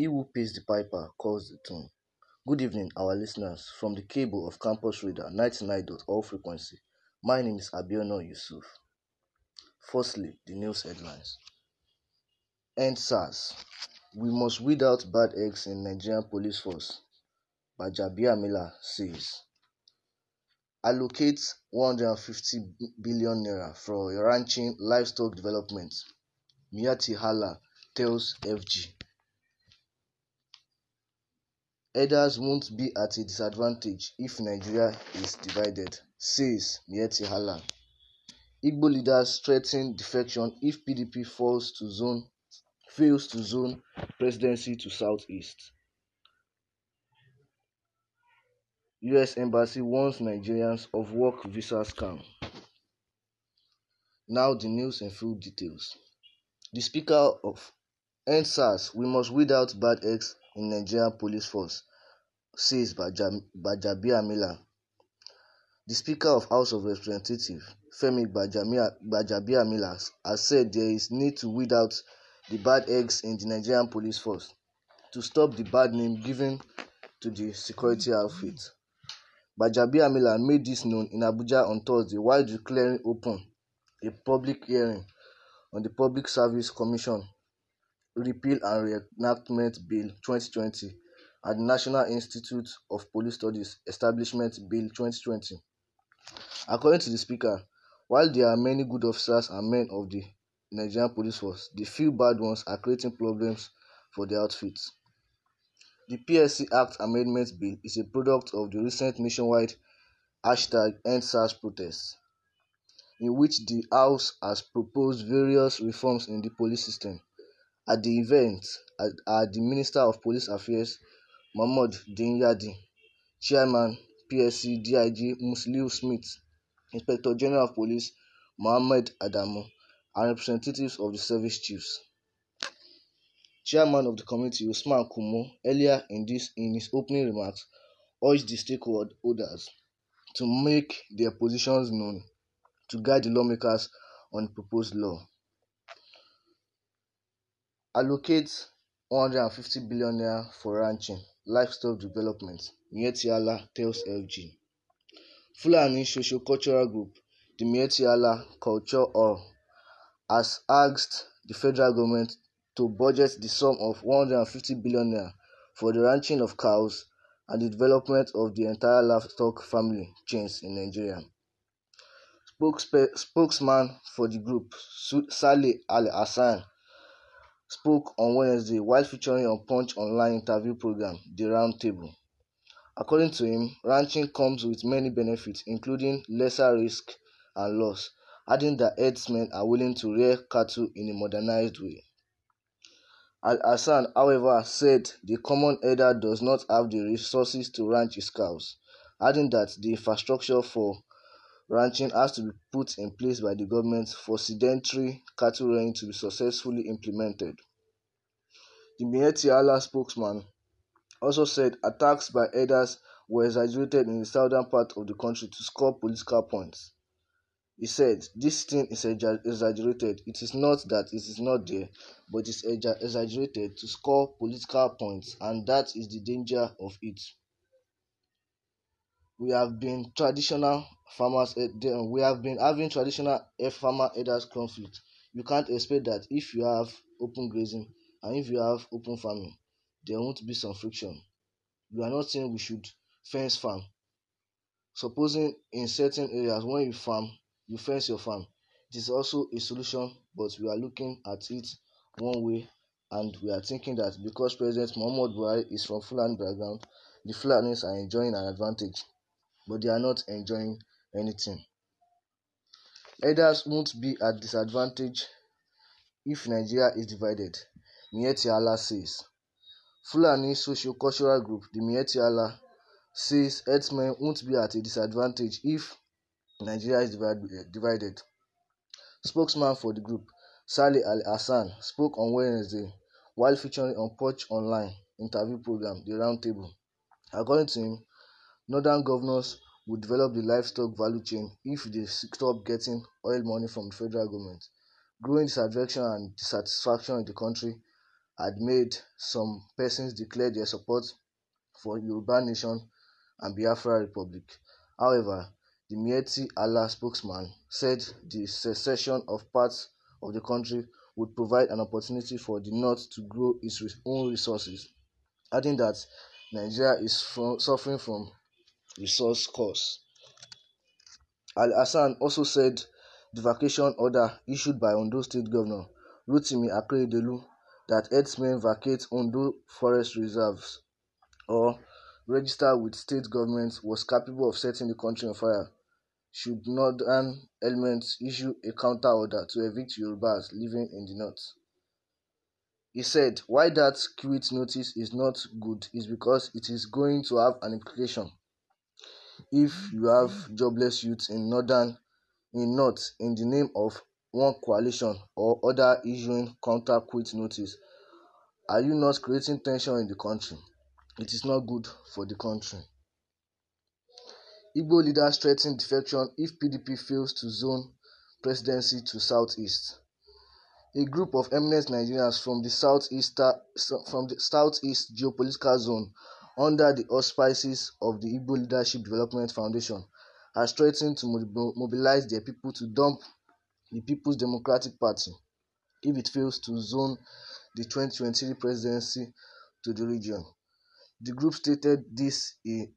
He who pays the piper calls the tune. Good evening, our listeners, from the cable of Campus Radar all frequency. My name is Abiono Yusuf. Firstly, the news headlines. End SARS. We must weed out bad eggs in Nigerian police force. Bajabia Miller says. Allocate 150 billion naira for ranching livestock development. Miati Hala tells FG. Herders won't be at a disadvantage if Nigeria is divided, says Miyetti Igbo leaders threaten defection if PDP fails to zone, fails to zone presidency to southeast. US Embassy warns Nigerians of work visa scam. Now the news and full details. The Speaker of NSAS, we must weed out bad eggs in Nigerian police force, says Gbajàbíàmílà. The Speaker of House of Representatives, Femi Gbajàbíàmílà, has said there is need to weed out the bad eggs in the Nigerian police force to stop the bad name given to the security outfit. Gbajàbíàmílà made this known in Abuja on Thursday while declaring open a public hearing on the Public Service Commission Repeal and Reenactment Bill 2020 and the National Institute of Police Studies Establishment Bill 2020. According to the Speaker, while there are many good officers and men of the Nigerian police force, the few bad ones are creating problems for the outfits. The PSC Act Amendment Bill is a product of the recent nationwide hashtag EndSARS protests, in which the House has proposed various reforms in the police system. At the event are the Minister of Police Affairs Mahmood Dingyadi, Chairman PSC DIG Musiliu Smith, Inspector General of Police Mohammed Adamu and representatives of the service chiefs. Chairman of the committee Usman Kumo earlier in this in his opening remarks urged the stakeholders to make their positions known to guide the lawmakers on the proposed law. allocates 150 billion naira for ranching, livestock development, Miyetti tells LG. Fulani Socio-Cultural Group, the Miyetti Culture or has asked the federal government to budget the sum of 150 billion naira for the ranching of cows and the development of the entire livestock family chains in Nigeria. spokesman for the group, Sally Al Hassan, spoke on Wednesday while featuring on Punch online interview program The Roundtable. According to him, ranching comes with many benefits including lesser risk and loss, adding that herdsmen are willing to rear cattle in a modernized way. Al-Hassan, however, said the common herder does not have the resources to ranch his cows, adding that the infrastructure for ranching has to be put in place by the government for sedentary cattle rearing to be successfully implemented. The Mieti Allah spokesman also said attacks by herders were exaggerated in the southern part of the country to score political points. He said, This thing is exaggerated. It is not that it is not there, but it's exaggerated to score political points, and that is the danger of it. We have been traditional farmers eh, then we have been having traditional eh, farmer herders conflict you can't expect that if you have open grazing and if you have open farming there won't be some friction you are not saying we should fence farm supposing in certain areas when you farm you fence your farm it is also a solution but we are looking at it one way and we are thinking that because president muhammad buhari is from fulani background the fulanis are enjoying an advantage but they are not enjoying anything. Herders won't be at disadvantage if Nigeria is divided, Miyetti Allah says. Fulani socio-cultural group the Miyetti Allah says herdsmen won't be at a disadvantage if Nigeria is eh, divided. Spokesman for the group, Saleh Al Hassan, spoke on Wednesday while featuring on Punch Online interview program The Roundtable. According to him, northern governors Would develop the livestock value chain if they stop getting oil money from the federal government. Growing disaffection and dissatisfaction in the country had made some persons declare their support for Yoruba Nation and Biafra Republic. However, the Mieti Allah spokesman said the secession of parts of the country would provide an opportunity for the North to grow its own resources, adding that Nigeria is from, suffering from resource course. Al Hassan also said the vacation order issued by Ondo State Governor Rotimi Akeredolu that herdsmen vacate Ondo forest reserves or register with state government was capable of setting the country on fire should northern elements issue a counter order to evict Yorubas living in the north. He said, Why that quit notice is not good is because it is going to have an implication if you have jobless youth in northern in north in the name of one coalition or other issuing counter quit notice are you not creating tension in the country it is not good for the country igbo leaders threaten defection if pdp fails to zone presidency to southeast a group of eminent nigerians from the southeast from the southeast geopolitical zone under the auspices of the Igbo Leadership Development Foundation, are threatening to mobilize their people to dump the People's Democratic Party if it fails to zone the 2023 presidency to the region. The group stated this in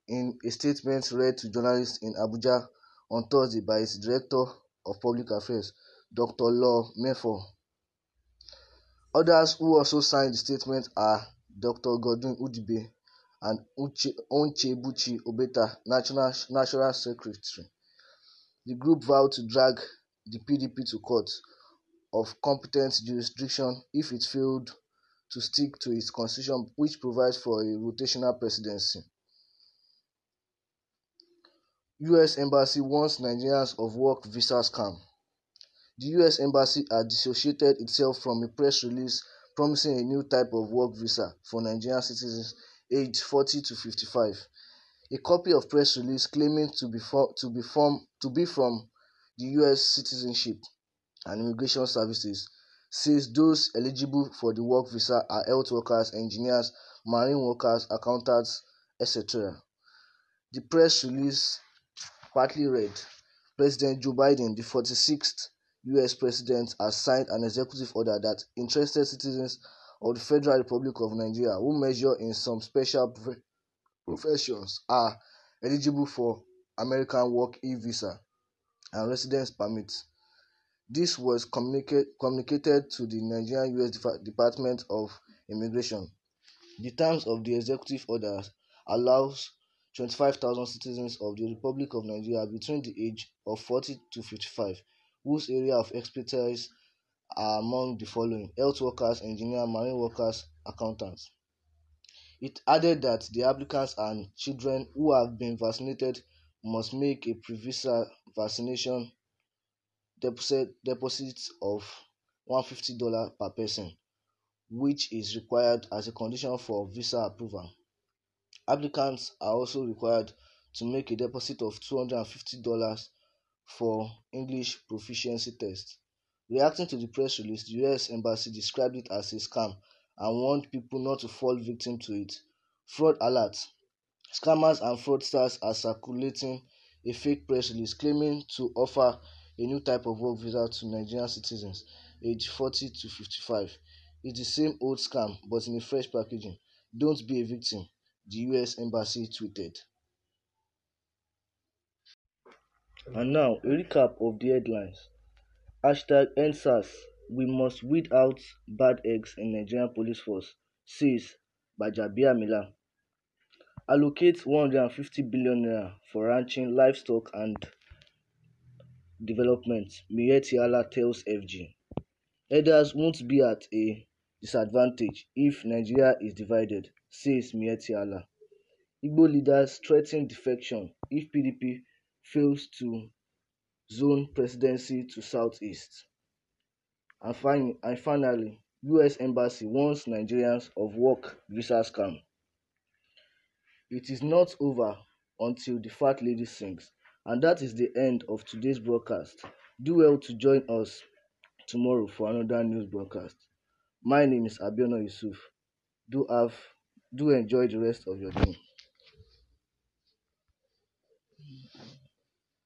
a statement read to journalists in Abuja on Thursday by its Director of Public Affairs, Dr. Law Mefo. Others who also signed the statement are Dr. Godwin Udibe, and Onchebuchi Obeta, National, National Secretary. The group vowed to drag the PDP to court of competent jurisdiction if it failed to stick to its constitution, which provides for a rotational presidency. U.S. Embassy warns Nigerians of work visa scam. The U.S. Embassy had dissociated itself from a press release promising a new type of work visa for Nigerian citizens aged 40 to 55. A copy of press release claiming to be, for, to be, from, to be from the U.S. Citizenship and Immigration Services says those eligible for the work visa are health workers, engineers, marine workers, accountants, etc. The press release partly read President Joe Biden, the 46th U.S. president, has signed an executive order that interested citizens of the Federal Republic of Nigeria who measure in some special professions are eligible for American work e-visa and residence permits. This was communicate, communicated to the Nigerian U.S. Department of Immigration. The terms of the executive order allows 25,000 citizens of the Republic of Nigeria between the age of 40 to 55 whose area of expertise are among the following health workers, engineers, marine workers, accountants. It added that the applicants and children who have been vaccinated must make a visa vaccination deposit, deposit of $150 per person, which is required as a condition for visa approval. Applicants are also required to make a deposit of $250 for English proficiency test. Reacting to the press release, the US embassy described it as a scam and warned people not to fall victim to it. Fraud alert. Scammers and fraudsters are circulating a fake press release claiming to offer a new type of work visa to Nigerian citizens aged 40 to 55. It's the same old scam but in a fresh packaging. Don't be a victim, the US embassy tweeted. And now, a recap of the headlines. Hashtag #EndSARS. We must weed out bad eggs in Nigerian police force, says Mila. Allocate 150 billion naira for ranching, livestock and development, Miyetti tells FG. Leaders won't be at a disadvantage if Nigeria is divided, says Miyetti Igbo leaders threaten defection if PDP fails to zone presidency to Southeast. And, fin- and finally, US Embassy warns Nigerians of work visa scam. It is not over until the fat lady sings. And that is the end of today's broadcast. Do well to join us tomorrow for another news broadcast. My name is Abiono Yusuf. Do have do enjoy the rest of your day.